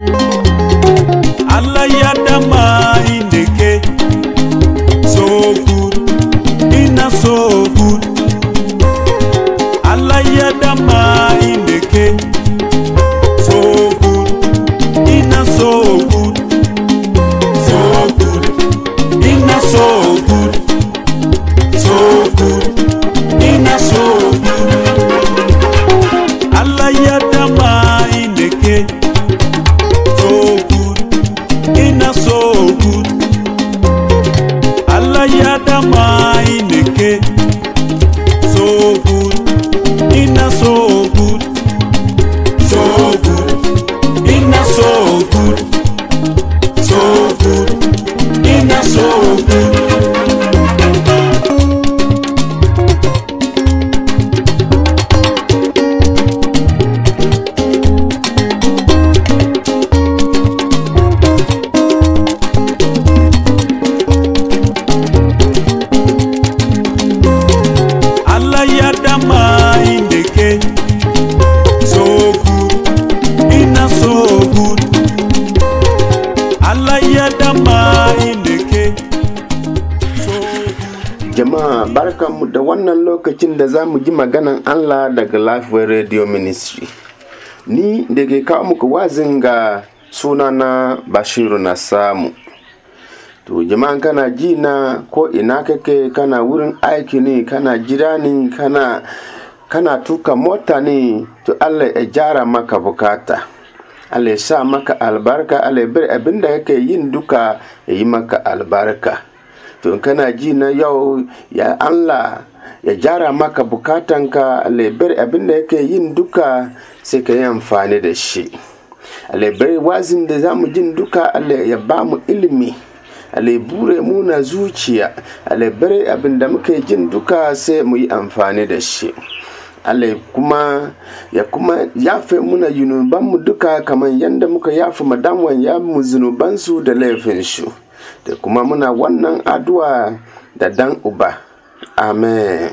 you jama'a barkanmu da wannan lokacin da za mu ji maganan Allah daga Lifeway Radio Ministry. Ni da ke kawo muku wazin ga sunana Bashiru na samu. To jama'a kana ji na ko ina kake kana wurin aiki ne kana jira ne kana kana tuka mota ne to Allah ya jara maka bukata. Allah ya sa maka albarka Allah ya bar abin da kake yin duka ya yi maka albarka. to in kana ji na yau ya Allah ya gyara maka bukatanka labar abin da yake yin duka sai ka yi amfani da shi labar wazin da za mu jin duka ya ba mu ilimi alibure mu na zuciya alibare abin da muke jin duka sai mu yi amfani da shi Allah kuma ya kuma yafe muna yunubanmu duka kamar yadda muka yafe madamwan ya mu zunubansu da laifin laifinsu. da kuma muna wannan addu'a da dan uba amen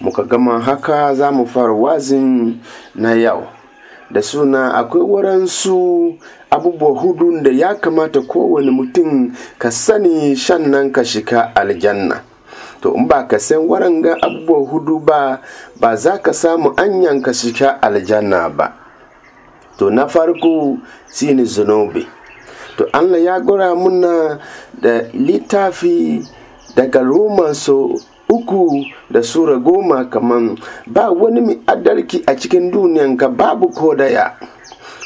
muka gama haka za mu fara wazin na yau da suna akwai waransu abubuwa hudu da ya kamata kowane mutum ka sani shan nan ka shika aljanna to in ba ka san waranga abubuwa hudu ba ba za ka samu anyan ka shika aljanna ba to na farko shine zunubi to allah ya gora muna da littafi daga roman so uku da sura goma kaman ba wani mai adarki a cikin duniyanka babu ko daya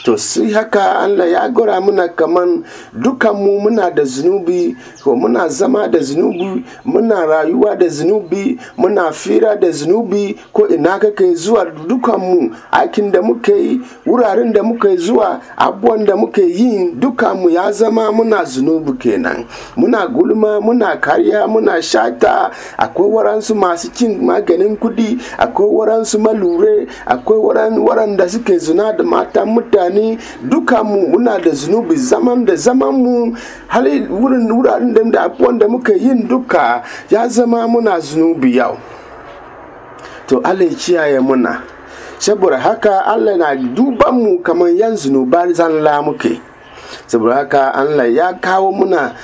to sai haka Allah ya gura muna kaman dukanmu muna da zunubi ko muna zama da zunubi muna rayuwa da zunubi muna fira da zunubi ko ina kake zuwa dukanmu aikin da muke yi wuraren da muke zuwa abubuwan da muke yi dukanmu ya zama muna zunubi kenan muna gulma muna karya muna shata akwai waransu masu cin maganin kudi akwai waransu malure akwai waran da suke zuna da mata mutane tunani mu muna da zunubi zaman da zaman mu hali wurin wuraren da abubuwan da muka yin duka ya zama muna zunubi yau to Allah kiyaye muna saboda haka Allah na duban mu kamar yan zunuba zanla muke saboda haka Allah ya kawo muna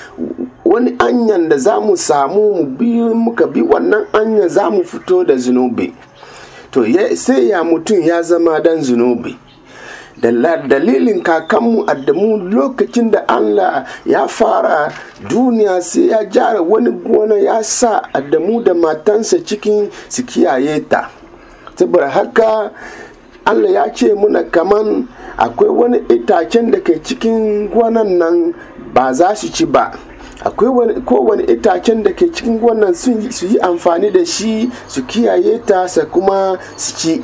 wani anyan da za mu samu mu bi muka bi wannan anyan za mu fito da zunubi to sai ya mutum ya zama dan zunubi dalilin kakanmu adamu lokacin da Allah ya fara duniya sai ya jara wani gona ya sa adamu da matansa cikin su kiyaye ta saboda haka Allah ya ce muna kaman akwai wani itacen da ke cikin gonan nan ba za su ci ba akwai kowane itacen da ke cikin gonan su yi amfani da shi su kiyaye ta sa kuma su ci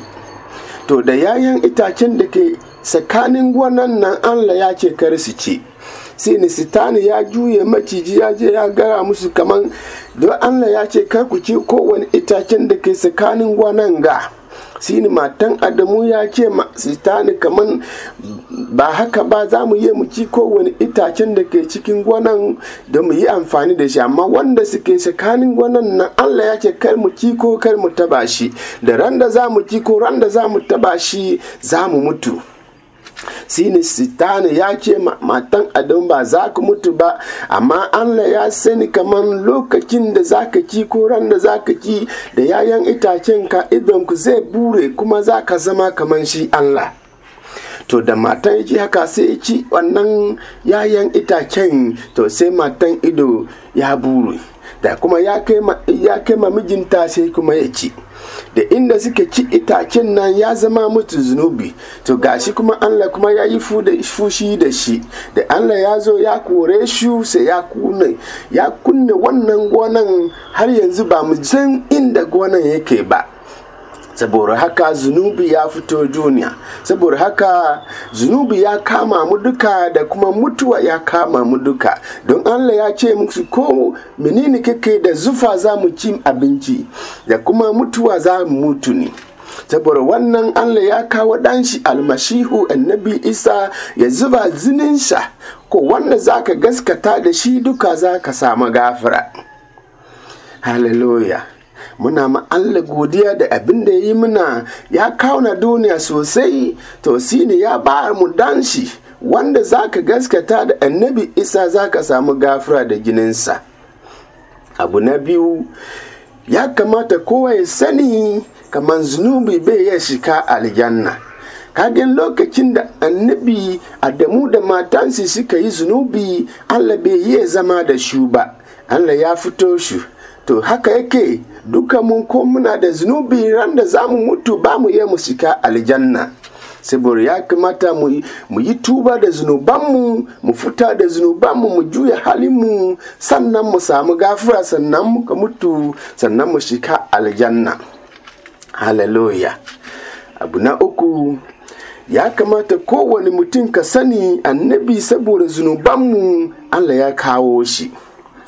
to da yayan itacen da ke tsakanin gonan nan Allah ya ce kar su ce sai ni sitani ya juye maciji ya je ya gara musu kaman don Allah ya ce kar ku ce kowane itacen da ke tsakanin gonan ga sini matan adamu ya ce ma sitani kaman ba haka ba za mu yi mu ci kowane itacen da ke cikin gonan da mu yi amfani da shi amma wanda suke sakanin gonan nan Allah ya ce kar mu ci ko kar mu taba shi da randa za mu ci ko randa za mu taba shi za mu mutu shine sitana ya ce matan adam ba za ku mutu ba amma Allah ya sani kamar lokacin da za ka ci ko ran da za ka ci da yayan itacen ka idon ku zai bure kuma za ka zama kamar shi Allah to da matan ya ci haka sai ya ci wannan yayan itacen to sai matan ido ya bure da kuma ya kai ma mijinta sai kuma ya ci da inda suka ci itacen nan ya zama mutu zunubi to gashi kuma Allah kuma ya yi fushi da shi da Allah ya zo ya kore shi sai ya kunne ya kunne wannan gonan har yanzu ba mu san inda gonan yake ba saboda haka zunubi ya fito duniya saboda haka zunubi ya kama mu duka da kuma mutuwa ya kama mu duka don allah ya ce musu ko menene kake da zufa za mu ci abinci da kuma mutuwa za mu mutu ne saboda wannan allah ya kawo ɗanshi Almasihu, annabi isa ya zuba zininsa ko wanda za ka gaskata da shi duka za ka samu gafara hallelujah muna ma Allah godiya da abin da yi muna ya kawo na duniya sosai to ne ya ba mu danshi wanda zaka gaskata da annabi isa zaka samu gafura da gininsa abu na biyu ya kamata kowa ya sani kamar zunubi bai ya shika aljanna kagen lokacin da annabi adamu da matansu suka yi zunubi allah bai yi zama da shu ba allah ya fito shi to haka yake duka mun ko muna da zunubi ran da za mu mutu ba mu yi mu aljanna saboda ya kamata mu yi tuba da zunubanmu mu fita da zunubanmu mu juya mu, sannan mu samu gafura sannan muka mutu sannan mu shika aljanna hallelujah abu na uku ya kamata kowane mutum ka sani annabi saboda zunubanmu allah ya kawo shi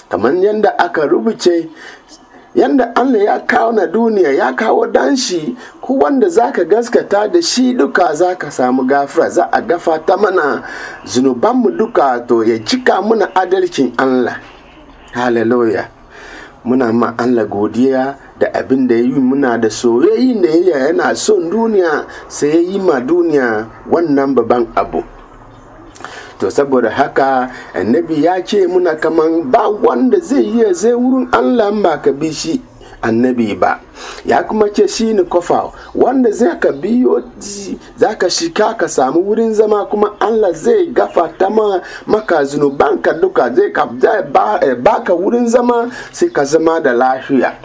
kamar yadda aka rubuce yanda Allah ya kawo na duniya ya kawo danshi shi ku wanda ka gaskata da shi duka za ka samu gafara za a gafata mana zunubanmu duka to ya cika muna adalcin Allah hallelujah muna ma Allah godiya da abin da ya yi muna da soyayyin da ya yana son duniya sai ya yi ma duniya wannan babban abu to saboda haka annabi ya ce muna kaman ba wanda zai yi zai wurin allah ba ka bi shi annabi ba ya kuma ce shi ni kofa wanda zai ka biyo za ka shika ka samu wurin zama kuma allah zai gafa ta maka zunubanka duka zai eh, ba ka wurin zama sai ka zama da lafiya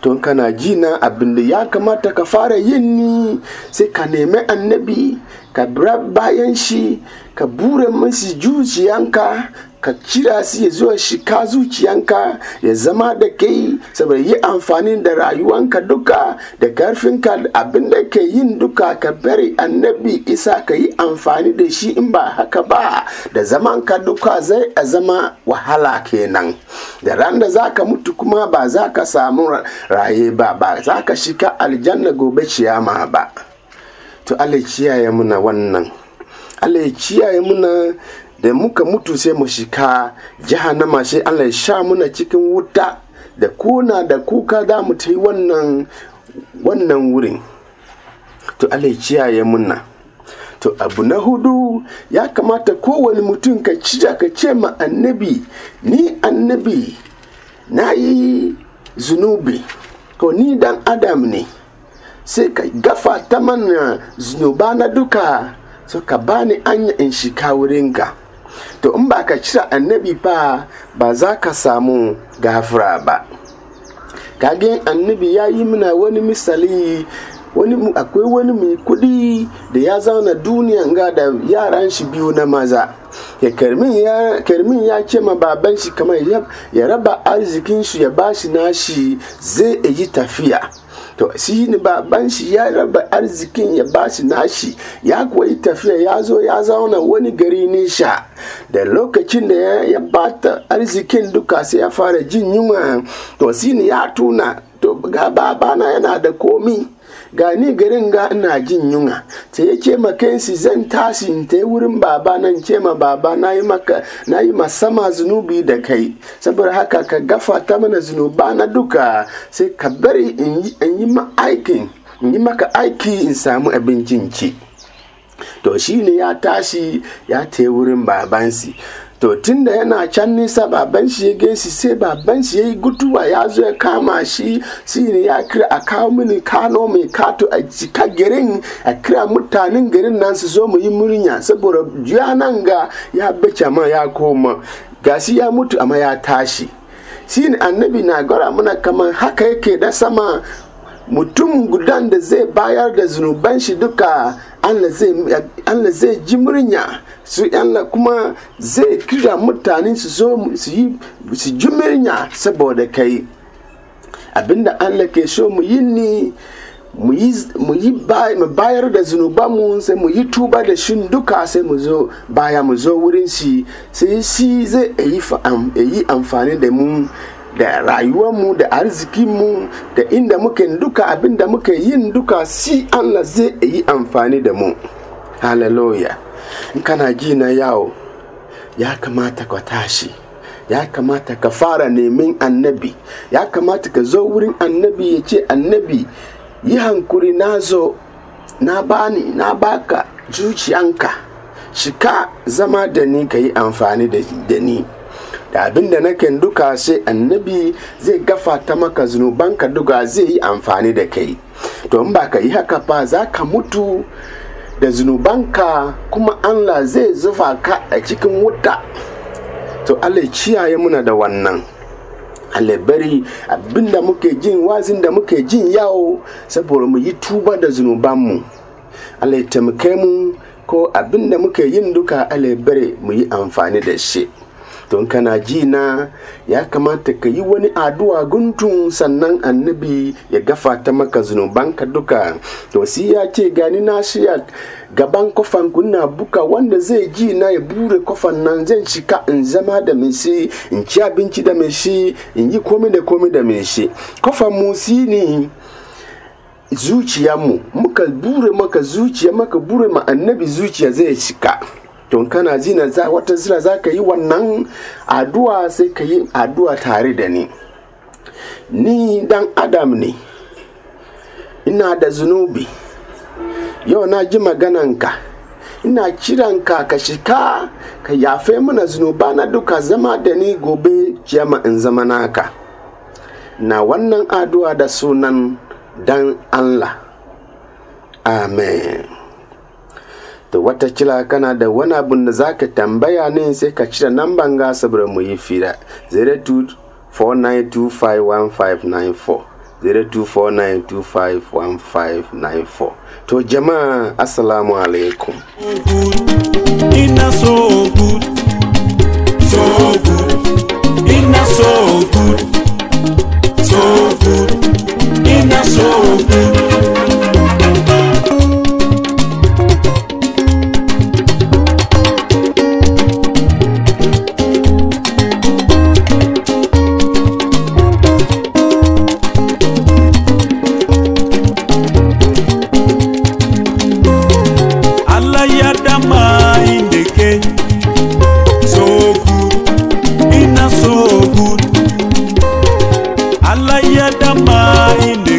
tun kana ji na abin da ya kamata ka fara yin ni sai ka nemi annabi ka bira bayan shi ka bure musu juciyanka ka kira su ya zuwa shi ka zuciyanka ya zama da kai saboda yi amfani da rayuwanka duka da karfinka abin da ke yin duka ka bari annabi isa ka yi amfani da shi in ba haka ba da zaman ka duka zai a zama wahala kenan da ran da ka mutu kuma ba za ka samu raye ba ba za ka shika aljanna gobe ciyama ba to Allah ya kiyaye muna wannan Allah ya kiyaye muna da muka mutu sai mu shika jahannama sai Allah ya sha muna cikin wuta da kuna da kuka za mu ta wannan wannan wurin to Allah ya kiyaye muna to abu na hudu ya kamata kowane mutum ka cija ka ce ma annabi ni annabi na yi zunubi ko ni dan adam ne sai ka gafa ta mana zunuba na duka so ka bani anya in shika ga to in ba ka cira annabi ba ba za ka samu gafura ba kagen annabi ya yi mana wani misali wani akwai wani mai kudi da ya zauna duniya ga da yaran shi biyu na maza ya karmin ya ce ma baban shi kamar ya raba arzikin shi ya bashi nashi zai yi tafiya to shi ne baban shi ya raba arzikin ya shi nashi ya kuwa yi tafiya ya zo ya zauna wani gari nisha da lokacin da ya bata arzikin duka sai ya fara jin yunwa to shi ne ya tuna to ga babana yana da komi gani garin ga ina jin yunwa ta yi ce ma zan tashi in ta wurin baba nan ce ma baba na yi ma sama masama zunubi da kai saboda haka ka gafa gafata mana zunuba na duka sai ka bari in yi ma in yi maka aiki in samu abincin ci to ne ya tashi ya ta yi wurin babansi to tunda yana can nisa baban shi ya gaisi sai baban shi ya yi gutuwa ya zo ya kama shi shi ne ya kira a kawo mini kano mai kato a cika garin a kira mutanen garin nan su zo mu yi murya saboda juya nan ga ya bace ma ya koma gasi ya mutu amma ya tashi shi ne annabi na gara mana kamar haka yake da sama mutum gudan da zai bayar da zunuban shi duka Allah zai ji murya su Allah kuma zai kira mutane su zo su ji murya saboda kai abinda Allah ke so mu yi ni mu yi bayar da zunubanmu sai mu yi tuba da shi duka sai mu zo baya mu zo wurin shi sai shi zai yi amfani da mu da mu da arzikinmu da inda muke duka abinda da muke yin duka si Allah zai yi amfani da mu hallelujah in kana ji na yawo ya kamata ka tashi ya kamata ka fara neman annabi ya kamata ka zo wurin annabi ya ce annabi yi hankuri na zo na bani na baka zuciyanka shika zama da ni ka yi amfani da ni da abin da nakan duka sai annabi zai gafa gafata maka zunubanka duka zai yi amfani da kai to in ba ka yi haka ba za ka mutu da zunubanka kuma Allah zai zufa ka a cikin wuta to Allah ciyaye muna da wannan Allah bari abinda muke jin wazin da muke jin yawo saboda mu yi tuba da zunubanmu Allah ya taimake mu ko abinda muke yin duka Allah bari mu yi amfani da shi don kana ji na ya kamata ka yi wani addu'a guntun sannan annabi ya gafa ta maka zunubanka duka to si ya ce gani na shiya gaban kofan kunna buka wanda zai ji na ya bure kofan nan zan shika in zama da mai shi in ci abinci da mai shi in yi komai da komai da mai shi kofan mu si ne zuciyarmu muka bure maka zuciya maka bure ma annabi zuciya zai shika don kana ji na wata zira za ka yi wannan addu'a sai ka yi addu'a tare da ni ni dan adam ne ina da zunubi yau na ji magananka ina kiranka ka shika ka yafe mana zunuba na duka zama da ni gobe jama in zama naka na wannan addu'a da sunan dan Allah amen to watakila kana da wani abin da za ka tambaya ne sai ka cire namban ga saboda mu yi fira 0249251594 0249251594 to jama'a assalamu alaikum ina so good so good ina so good so good ina so good binadamu ini